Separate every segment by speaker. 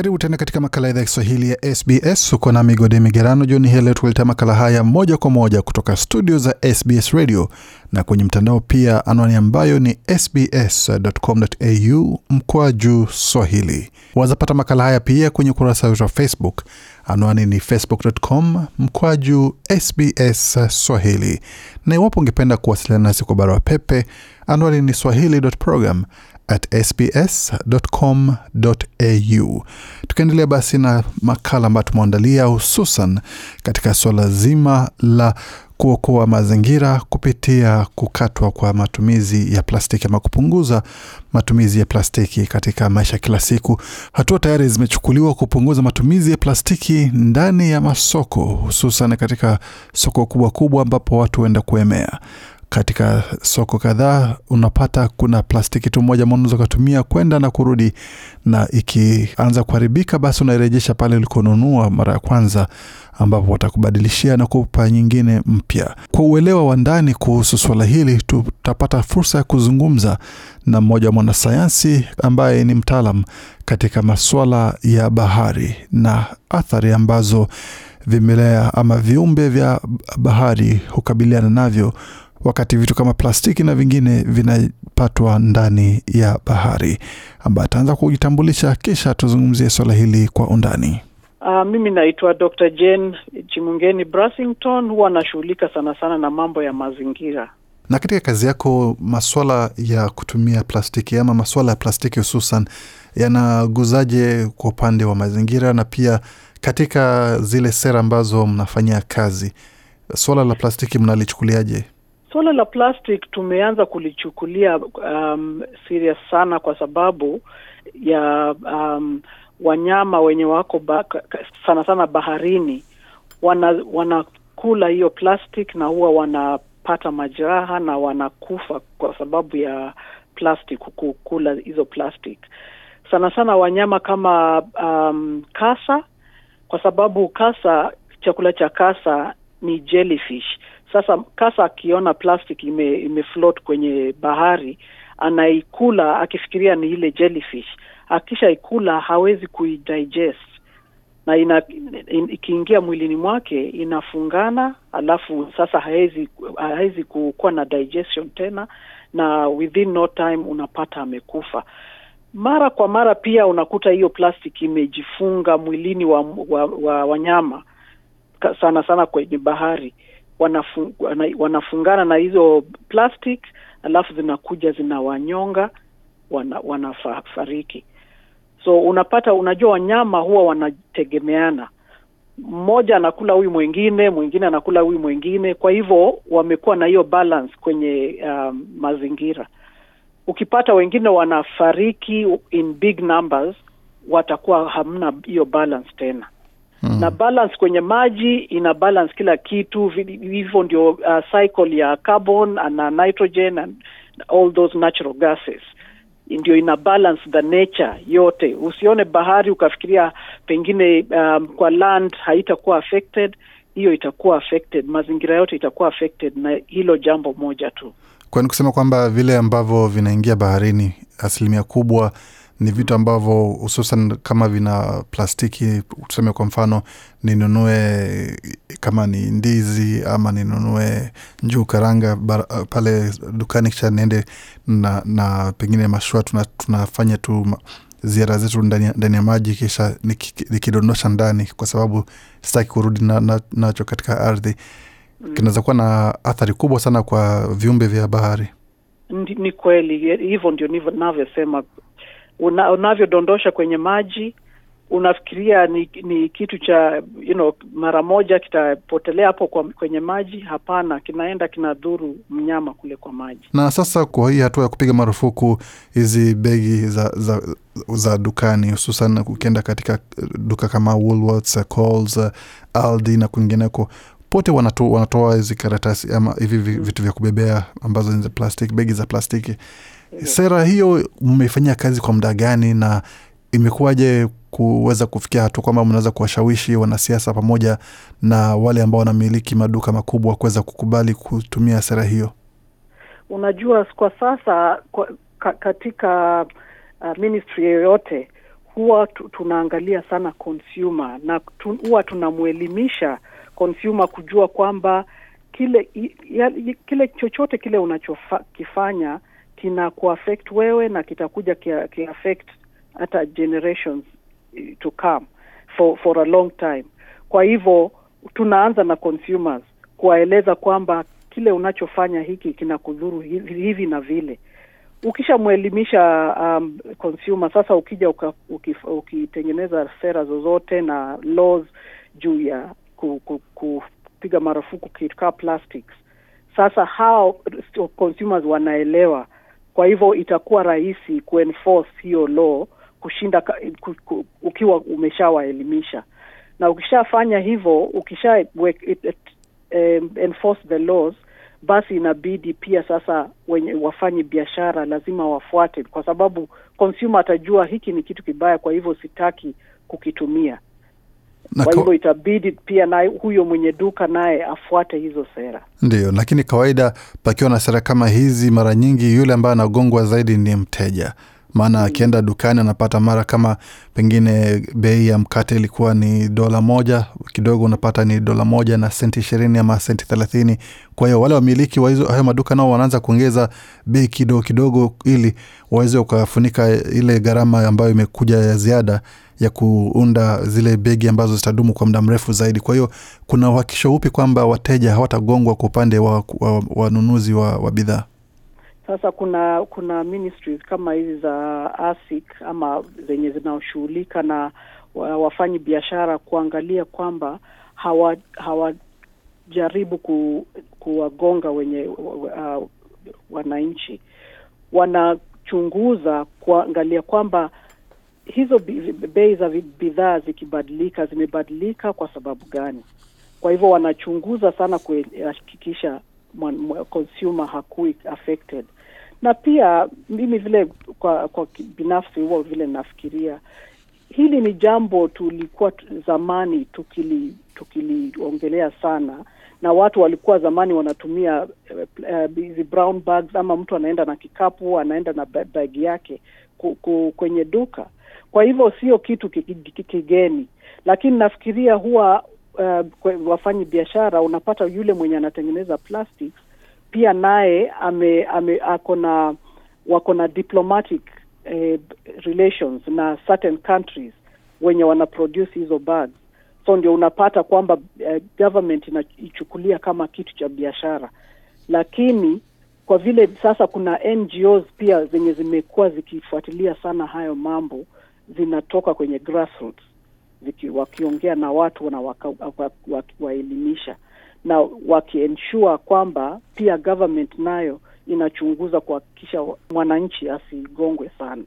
Speaker 1: Karibu tena katika makala ya idhaa ya Kiswahili ya SBS. Uko na Migode Migerano jioni hii leo, tukuletea makala haya moja kwa moja kutoka studio za SBS Radio na kwenye mtandao pia, anwani ambayo ni sbs.com.au mkoa juu swahili. Wazapata makala haya pia kwenye ukurasa wetu wa Facebook, anwani ni facebook.com mkoa juu sbs swahili, na iwapo ungependa kuwasiliana nasi kwa barua pepe, anwani ni swahili.program at sbs.com.au. Tukaendelea basi na makala ambayo tumeandalia hususan katika suala zima la kuokoa mazingira kupitia kukatwa kwa matumizi ya plastiki ama kupunguza matumizi ya plastiki katika maisha kila siku. Hatua tayari zimechukuliwa kupunguza matumizi ya plastiki ndani ya masoko, hususan katika soko kubwa kubwa ambapo watu huenda kuemea katika soko kadhaa unapata kuna plastiki tu moja unaweza ukatumia kwenda na kurudi, na ikianza kuharibika, basi unairejesha pale ulikonunua mara ya kwanza, ambapo watakubadilishia na kupa nyingine mpya. Kwa uelewa wa ndani kuhusu suala hili, tutapata fursa ya kuzungumza na mmoja wa mwanasayansi ambaye ni mtaalam katika masuala ya bahari na athari ambazo vimelea ama viumbe vya bahari hukabiliana navyo wakati vitu kama plastiki na vingine vinapatwa ndani ya bahari, ambaye ataanza kujitambulisha, kisha tuzungumzie swala hili kwa undani.
Speaker 2: Uh, mimi naitwa Dr. Jane Chimungeni Brasington, huwa anashughulika sana sana na mambo ya mazingira.
Speaker 1: Na katika kazi yako maswala ya kutumia plastiki ama maswala ya plastiki hususan yanaguzaje kwa upande wa mazingira na pia katika zile sera ambazo mnafanyia kazi, swala la plastiki mnalichukuliaje?
Speaker 2: Suala la plastic tumeanza kulichukulia um, serious sana kwa sababu ya um, wanyama wenye wako ba, sana sana baharini wana, wanakula hiyo plastic na huwa wanapata majeraha na wanakufa kwa sababu ya plastic kukula hizo plastic. Sana sana wanyama kama um, kasa, kwa sababu kasa, chakula cha kasa ni jellyfish sasa kasa akiona plastic ime, float kwenye bahari anaikula akifikiria ni ile jellyfish. ikula hawezi kuidigest na ina, in, ikiingia mwilini mwake inafungana, alafu sasa hawezi hawezi kuwa na digestion tena, na within no time unapata amekufa. Mara kwa mara pia unakuta hiyo plastic imejifunga mwilini wa, wa, wa wanyama sana sana kwenye bahari wanafu, wanafungana na hizo plastic alafu zinakuja zinawanyonga, wana, wanafariki. So unapata, unajua wanyama huwa wanategemeana, mmoja anakula huyu mwingine, mwingine anakula huyu mwingine, kwa hivyo wamekuwa na hiyo balance kwenye um, mazingira. Ukipata wengine wanafariki in big numbers, watakuwa hamna hiyo balance tena na mm. balance kwenye maji ina balance kila kitu. Hivyo ndio uh, cycle ya carbon na uh, nitrogen and all those natural gases ndio ina balance the nature yote. Usione bahari ukafikiria pengine um, kwa land haitakuwa affected. Hiyo itakuwa affected, mazingira yote itakuwa affected na hilo jambo moja tu,
Speaker 1: kwani kusema kwamba vile ambavyo vinaingia baharini asilimia kubwa ni vitu ambavyo hususan kama vina plastiki, tuseme kwa mfano ninunue kama ni ndizi ama ninunue njuu karanga bar, pale dukani, kisha niende na, na pengine mashua tuna, tunafanya tu ziara zetu ndani ya maji, kisha nikidondosha ndani, kwa sababu sitaki kurudi nacho na, nacho katika ardhi. Mm. Kinaweza kuwa na athari kubwa sana kwa viumbe vya bahari.
Speaker 2: ni kweli hivyo ndio navyosema una, unavyodondosha kwenye maji unafikiria ni, ni kitu cha you know, mara moja kitapotelea hapo kwa, kwenye maji. Hapana, kinaenda kinadhuru mnyama kule kwa maji.
Speaker 1: Na sasa kwa hii hatua ya kupiga marufuku hizi begi za, za, za dukani, hususan ukienda katika eh, duka kama Woolworths, Coles, Aldi na kwingineko pote wanatoa, wanatoa hizi karatasi ama hivi vitu vya kubebea ambazo ni za plastiki, begi za plastiki Sera hiyo mmefanyia kazi kwa muda gani na imekuwaje kuweza kufikia hatua kwamba mnaweza kuwashawishi wanasiasa pamoja na wale ambao wanamiliki maduka makubwa kuweza kukubali kutumia sera hiyo?
Speaker 2: Unajua, kwa sasa kwa, ka, katika uh, ministry yoyote huwa tunaangalia sana consumer na tu, huwa tunamwelimisha consumer kujua kwamba kile i, ya, kile chochote kile unachokifanya kina kuaffect wewe na kitakuja kiaffect hata generations eh, to come for, for a long time. Kwa hivyo tunaanza na consumers kuwaeleza kwamba kile unachofanya hiki kinakudhuru hivi, hivi na vile. Ukishamwelimisha um, consumer sasa, ukija uka, ukif, ukitengeneza sera zozote na laws juu ya ku, ku, kupiga marufuku kukaa plastics, sasa how consumers wanaelewa kwa hivyo itakuwa rahisi kuenforce hiyo law kushinda ukiwa umeshawaelimisha, na ukishafanya hivyo, ukisha um, enforce the laws basi inabidi pia sasa wenye wafanyi biashara lazima wafuate, kwa sababu consumer atajua hiki ni kitu kibaya, kwa hivyo sitaki kukitumia na kwa hivyo itabidi pia naye huyo mwenye duka naye afuate hizo sera.
Speaker 1: Ndiyo, lakini kawaida pakiwa na sera kama hizi, mara nyingi yule ambaye anagongwa zaidi ni mteja maana akienda dukani anapata mara kama pengine bei ya mkate ilikuwa ni dola moja kidogo, unapata ni dola moja na senti ishirini ama senti thelathini. Kwa hiyo wale wamiliki wa hayo maduka nao wanaanza kuongeza bei kidogo kidogo, ili waweze ukafunika ile gharama ambayo imekuja ya ziada ya kuunda zile begi ambazo zitadumu kwa muda mrefu zaidi. Kwa hiyo kuna uhakikisho upi kwamba wateja hawatagongwa kwa upande wa wanunuzi wa, wa, wa bidhaa?
Speaker 2: Sasa kuna kuna ministries kama hizi za ASIC ama zenye zinaoshughulika na wafanyi biashara kuangalia kwamba hawa hawajaribu ku, kuwagonga wenye uh, wananchi. Wanachunguza kuangalia kwamba hizo bei za bidhaa zikibadilika zimebadilika kwa sababu gani. Kwa hivyo wanachunguza sana kuhakikisha consumer hakui affected na pia mimi vile kwa, kwa binafsi huo vile nafikiria hili ni jambo tulikuwa zamani tukili tukiliongelea sana na watu walikuwa zamani wanatumia eh, eh, hizi uh, brown bags ama mtu anaenda na kikapu anaenda na bagi yake ku, ku, kwenye duka kwa hivyo sio kitu kigeni lakini nafikiria huwa uh, wafanyi biashara unapata yule mwenye anatengeneza plastics pia naye ame, ame ako na wako na diplomatic eh, relations na certain countries wenye wana produce hizo bags so ndio unapata kwamba eh, government inaichukulia kama kitu cha biashara lakini kwa vile sasa kuna NGOs pia zenye zimekuwa zikifuatilia sana hayo mambo zinatoka kwenye grassroots wakiongea na watu na wawaelimisha waka, waka, waka, waka na wakiensure kwamba pia government nayo inachunguza kuhakikisha mwananchi asigongwe sana.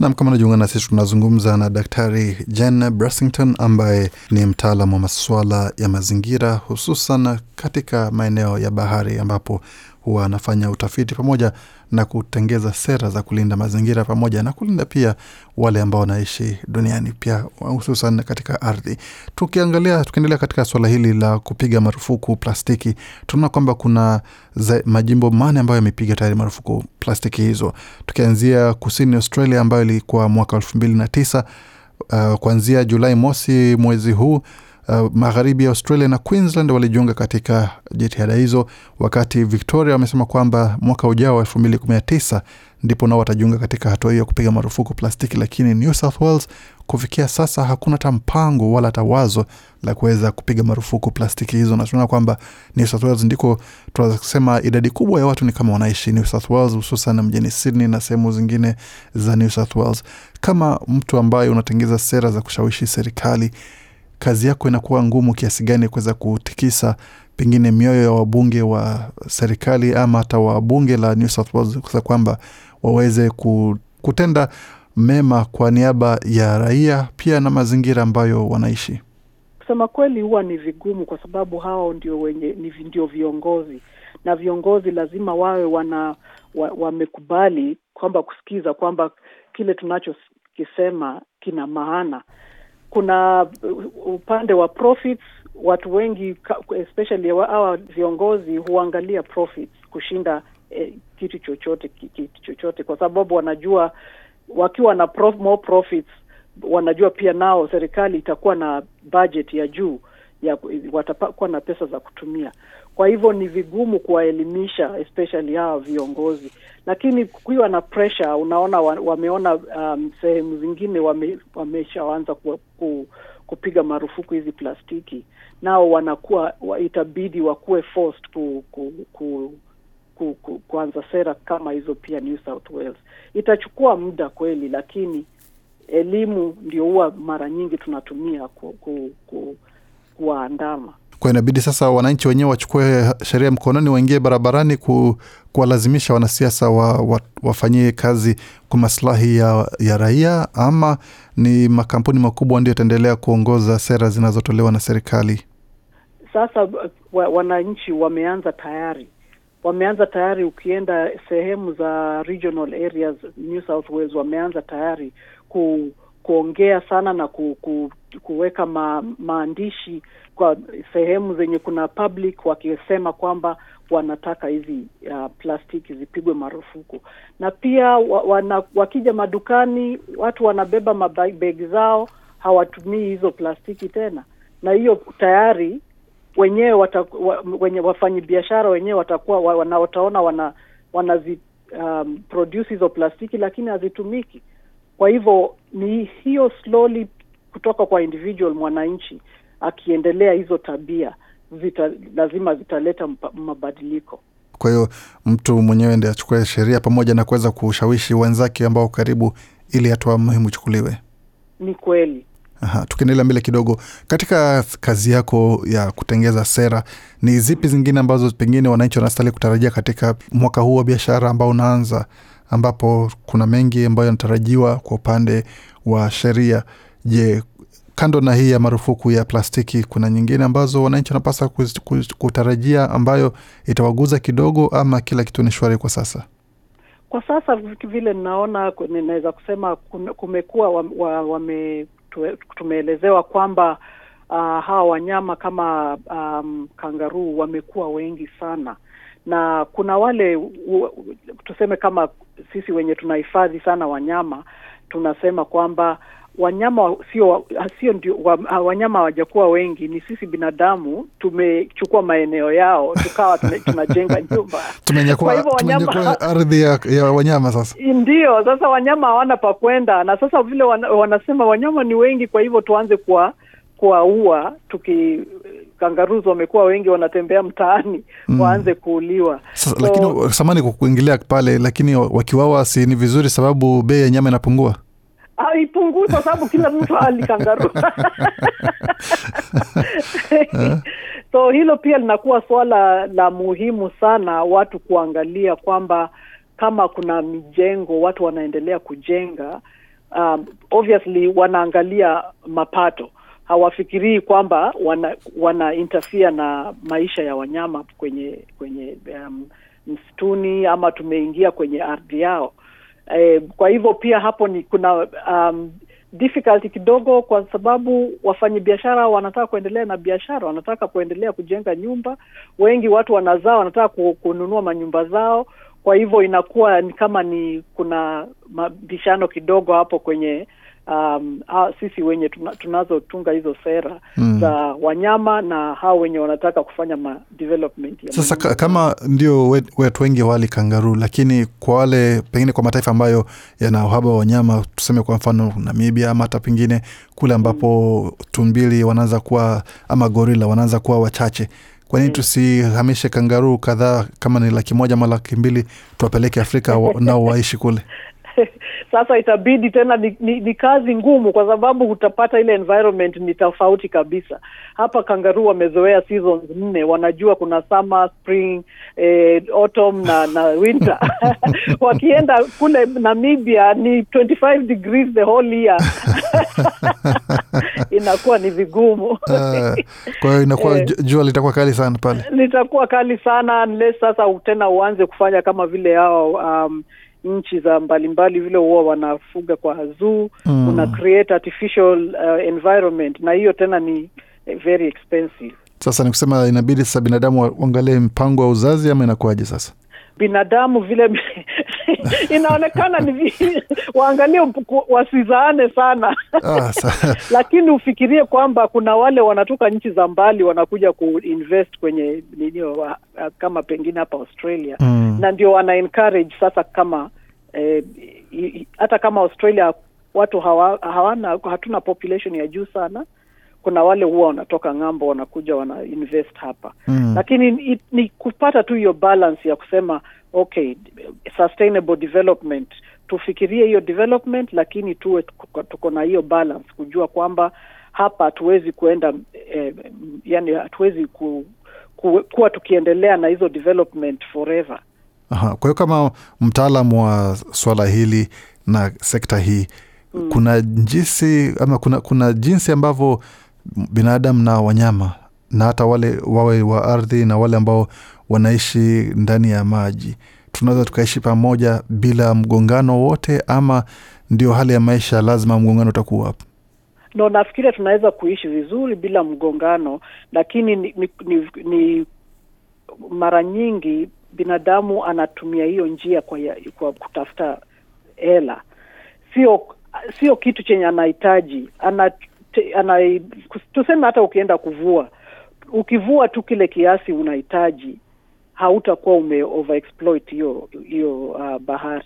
Speaker 1: Nam, kama najiunga na sisi, tunazungumza na Daktari Jen Brasington ambaye ni mtaalam wa masuala ya mazingira, hususan katika maeneo ya bahari ambapo huwa anafanya utafiti pamoja na kutengeza sera za kulinda mazingira pamoja na kulinda pia wale ambao wanaishi duniani pia hususan katika ardhi. Tukiangalia, tukiendelea katika suala hili la kupiga marufuku plastiki, tunaona kwamba kuna za, majimbo mane ambayo yamepiga tayari marufuku plastiki hizo, tukianzia kusini Australia ambayo ilikuwa mwaka elfu mbili na tisa uh, kuanzia Julai mosi mwezi huu uh, magharibi ya Australia na Queensland walijiunga katika jitihada hizo, wakati Victoria wamesema kwamba mwaka ujao wa tisa ndipo nao watajiunga katika hatua hiyo ya kupiga marufuku plastiki. Lakini New South Wales kufikia sasa hakuna hata mpango wala hata wazo la kuweza kupiga marufuku plastiki hizo, na tunaona kwamba New South Wales ndiko tunaweza kusema idadi kubwa ya watu ni kama wanaishi New South Wales, hususan mjini Sydney na sehemu zingine za New South Wales. Kama mtu ambaye unatengeza sera za kushawishi serikali kazi yako inakuwa ngumu kiasi gani kuweza kutikisa pengine mioyo ya wabunge wa serikali ama hata wa bunge la New South Wales kusa kwamba waweze kutenda mema kwa niaba ya raia pia na mazingira ambayo wanaishi.
Speaker 2: Kusema kweli, huwa ni vigumu kwa sababu hao ndio wenye ni ndio viongozi, na viongozi lazima wawe wana wamekubali kwamba kusikiza kwamba kile tunachokisema kina maana kuna upande wa profits. Watu wengi especially hawa viongozi huangalia profits kushinda eh, kitu chochote kitu chochote, kwa sababu wanajua wakiwa na prof, more profits, wanajua pia nao serikali itakuwa na budget ya juu ya watakuwa na pesa za kutumia. Kwa hivyo ni vigumu kuwaelimisha especially hawa viongozi, lakini kukiwa na pressure, unaona wameona um, sehemu zingine wame, wameshaanza ku, ku, kupiga marufuku hizi plastiki, nao wanakuwa wa, itabidi wakuwe forced ku, ku, ku, ku, ku, kuanza sera kama hizo pia New South Wales. Itachukua muda kweli, lakini elimu ndio huwa mara nyingi tunatumia ku, ku, ku, kuwaandama
Speaker 1: kwa inabidi sasa wananchi wenyewe wachukue sheria mkononi, waingie barabarani ku, kuwalazimisha wanasiasa wa, wa, wafanyie kazi kwa maslahi ya, ya raia, ama ni makampuni makubwa ndio yataendelea kuongoza sera zinazotolewa na serikali?
Speaker 2: Sasa wa, wananchi wameanza tayari wameanza tayari. Ukienda sehemu za regional areas New South Wales, wameanza tayari ku kuongea sana na ku, ku, kuweka ma, maandishi kwa sehemu zenye kuna public wakisema kwamba wanataka hizi uh, plastiki zipigwe marufuku, na pia wa, wana, wakija madukani watu wanabeba mabegi zao, hawatumii hizo plastiki tena, na hiyo tayari wenyewe wata, wa, wenye wenyewe watakuwa wanaotaona wana wanazi um, produce hizo plastiki lakini hazitumiki. Kwa hivyo ni hiyo slowly kutoka kwa individual mwananchi akiendelea hizo tabia zita, lazima zitaleta mabadiliko.
Speaker 1: Kwa hiyo mtu mwenyewe ndi achukue sheria pamoja na kuweza kushawishi wenzake ambao karibu, ili hatua muhimu ichukuliwe.
Speaker 2: Ni kweli.
Speaker 1: Aha, tukiendelea mbele kidogo katika kazi yako ya kutengeza sera, ni zipi zingine ambazo pengine wananchi wanastahili kutarajia katika mwaka huu wa biashara ambao unaanza? ambapo kuna mengi ambayo yanatarajiwa kwa upande wa sheria. Je, kando na hii ya marufuku ya plastiki, kuna nyingine ambazo wananchi wanapasa kutarajia ambayo itawaguza kidogo, ama kila kitu ni shwari kwa sasa?
Speaker 2: Kwa sasa vile ninaona, ninaweza kusema kumekuwa wa, wa, wame tumeelezewa kwamba uh, hawa wanyama kama um, ah, kangaruu wamekuwa wengi sana na kuna wale tuseme kama sisi wenye tunahifadhi sana wanyama tunasema kwamba wanyama sio sio ndio wanyama hawajakuwa wengi, ni sisi binadamu tumechukua maeneo yao tukawa tunajenga nyumba
Speaker 1: tumenyakua ardhi ya, ya wanyama. Sasa
Speaker 2: ndio sasa wanyama hawana pa kwenda, na sasa vile wan, wanasema wanyama ni wengi, kwa hivyo tuanze kuwaua tuki kangaruz wamekuwa wengi wanatembea mtaani mm. waanze kuuliwa
Speaker 1: so, lakini uh, samani kwa kuingilia pale, lakini uh, wakiwawa si ni vizuri, sababu bei ya nyama inapungua
Speaker 2: haipungui kwa sababu kila mtu ali kangaroo so hilo pia linakuwa swala la muhimu sana watu kuangalia kwamba kama kuna mijengo watu wanaendelea kujenga um, obviously wanaangalia mapato hawafikirii kwamba wana, wana interfere na maisha ya wanyama kwenye kwenye um, msituni ama tumeingia kwenye ardhi yao. E, kwa hivyo pia hapo ni kuna um, difficulty kidogo, kwa sababu biashara wanataka kuendelea na biashara, wanataka kuendelea kujenga nyumba. Wengi watu wanazaa, wanataka kununua manyumba zao, kwa hivyo inakuwa kama ni kuna mabishano kidogo hapo kwenye um, ha, sisi wenye tunazotunga hizo sera mm. za wanyama na hawa wenye wanataka kufanya ma development ya sasa ka,
Speaker 1: kama ndio wetu wengi wali kangaruu, lakini kwa wale pengine kwa mataifa ambayo yana uhaba wa wanyama, tuseme kwa mfano Namibia ama hata pengine kule ambapo mm. tumbili wanaanza kuwa ama gorila wanaanza kuwa wachache kwa nini hmm. tusihamishe kangaruu kadhaa kama ni laki moja ama laki mbili tuwapeleke Afrika wa, nao waishi kule?
Speaker 2: sasa itabidi tena ni, ni, ni kazi ngumu kwa sababu utapata ile environment ni tofauti kabisa hapa kangaruu wamezoea seasons nne wanajua kuna summer spring eh, autumn na na winter wakienda kule namibia ni 25 degrees the whole year inakuwa ni vigumu uh,
Speaker 1: kwa hiyo inakuwa eh. jua litakuwa kali sana pale
Speaker 2: litakuwa kali sana unless sasa tena uanze kufanya kama vile hao um, nchi za mbalimbali vile huwa wanafuga kwa zoo mm. una create artificial uh, environment na hiyo tena ni eh, very expensive.
Speaker 1: Sasa ni kusema inabidi sasa binadamu waangalie mpango wa uzazi ama inakuwaje
Speaker 2: sasa? binadamu vile inaonekana ni waangalie wasizaane sana ah, lakini ufikirie kwamba kuna wale wanatoka nchi za mbali wanakuja kuinvest kwenye ninio kama pengine hapa australia mm. na ndio wana encourage sasa kama eh, hata kama australia watu hawa, hawana hatuna population ya juu sana kuna wale huwa wanatoka ng'ambo wanakuja wana invest hapa mm. Lakini ni, ni kupata tu hiyo balance ya kusema okay, sustainable development tufikirie hiyo development, lakini tuwe tuko na hiyo balance, kujua kwamba hapa hatuwezi kuenda eh, yani hatuwezi ku, ku, kuwa tukiendelea na hizo development forever.
Speaker 1: Aha, kwa hiyo kama mtaalamu wa swala hili na sekta hii mm. kuna jinsi ama kuna, kuna jinsi ambavyo binadamu na wanyama na hata wale wawe wa ardhi na wale ambao wanaishi ndani ya maji. Tunaweza tukaishi pamoja bila mgongano wote, ama ndio hali ya maisha, lazima mgongano utakuwa hapo?
Speaker 2: No, nafikiria tunaweza kuishi vizuri bila mgongano, lakini ni, ni, ni, ni mara nyingi binadamu anatumia hiyo njia kwa, ya, kwa kutafuta hela, sio sio kitu chenye anahitaji tuseme hata ukienda kuvua, ukivua tu kile kiasi unahitaji hautakuwa ume overexploit hiyo hiyo uh, bahari,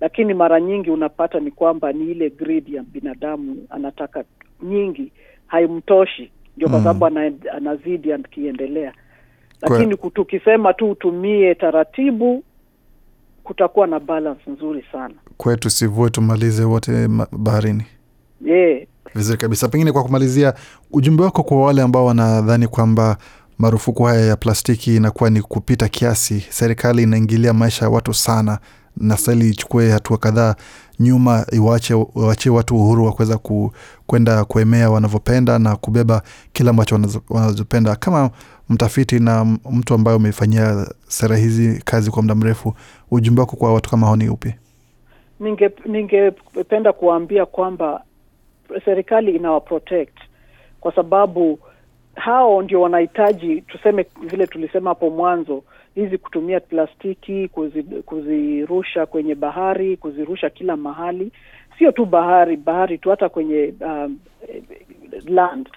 Speaker 2: lakini mara nyingi unapata ni kwamba ni ile grid ya binadamu anataka nyingi haimtoshi, ndio kwa mm. sababu mm. anazidi akiendelea, lakini tukisema tu utumie taratibu kutakuwa na balance nzuri sana.
Speaker 1: Kwetu sivue tumalize wote baharini. Yeah, Vizuri kabisa. Pengine kwa kumalizia, ujumbe wako kwa wale ambao wanadhani kwamba marufuku haya ya plastiki inakuwa ni kupita kiasi, serikali inaingilia maisha ya watu sana, na stahili ichukue hatua kadhaa nyuma, iwaachie watu uhuru wa kuweza kwenda kuemea wanavyopenda na kubeba kila ambacho wanazopenda. Kama mtafiti na mtu ambaye umefanyia sera hizi kazi kwa muda mrefu, ujumbe wako kwa watu kama hao ni upi?
Speaker 2: Ningependa ninge kuwaambia kwamba serikali inawaprotect kwa sababu hao ndio wanahitaji, tuseme vile tulisema hapo mwanzo, hizi kutumia plastiki, kuzi, kuzirusha kwenye bahari, kuzirusha kila mahali, sio tu bahari bahari tu, hata kwenye um, land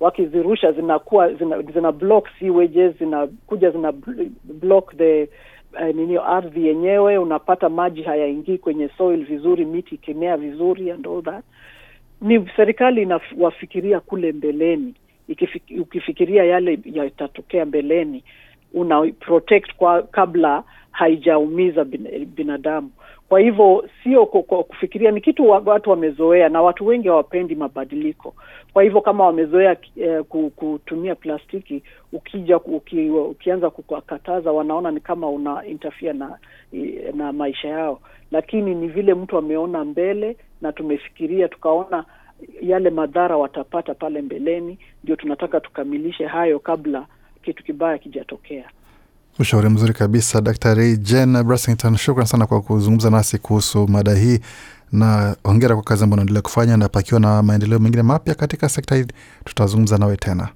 Speaker 2: wakizirusha zinakuwa zina, zina block sewages, zinakuja zina block the uh, ardhi yenyewe, unapata maji hayaingii kwenye soil vizuri, miti ikimea vizuri and all that ni serikali inawafikiria kule mbeleni ikifik, ukifikiria yale yatatokea mbeleni una protect kwa kabla haijaumiza binadamu kwa hivyo sio kufikiria ni kitu watu wamezoea na watu wengi hawapendi mabadiliko kwa hivyo kama wamezoea eh, kutumia plastiki ukija uki, ukianza kukataza wanaona ni kama una interfere na na maisha yao lakini ni vile mtu ameona mbele na tumefikiria tukaona yale madhara watapata pale mbeleni, ndio tunataka tukamilishe hayo kabla kitu kibaya kijatokea.
Speaker 1: Ushauri mzuri kabisa, Daktari Jane Brasington, shukran sana kwa kuzungumza nasi kuhusu mada hii, na hongera kwa kazi ambayo unaendelea kufanya, na pakiwa na maendeleo mengine mapya katika sekta hii tutazungumza nawe tena.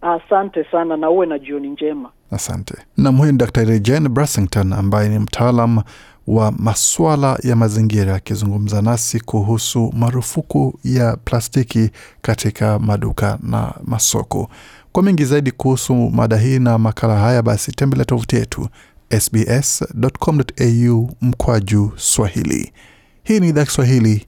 Speaker 2: Asante sana na uwe na jioni njema.
Speaker 1: Asante. Nam, huyu ni Daktari Jane Brasington ambaye ni mtaalam wa maswala ya mazingira akizungumza nasi kuhusu marufuku ya plastiki katika maduka na masoko. Kwa mengi zaidi kuhusu mada hii na makala haya, basi tembele tovuti yetu sbs.com.au mkwaju Swahili. Hii ni idhaa Kiswahili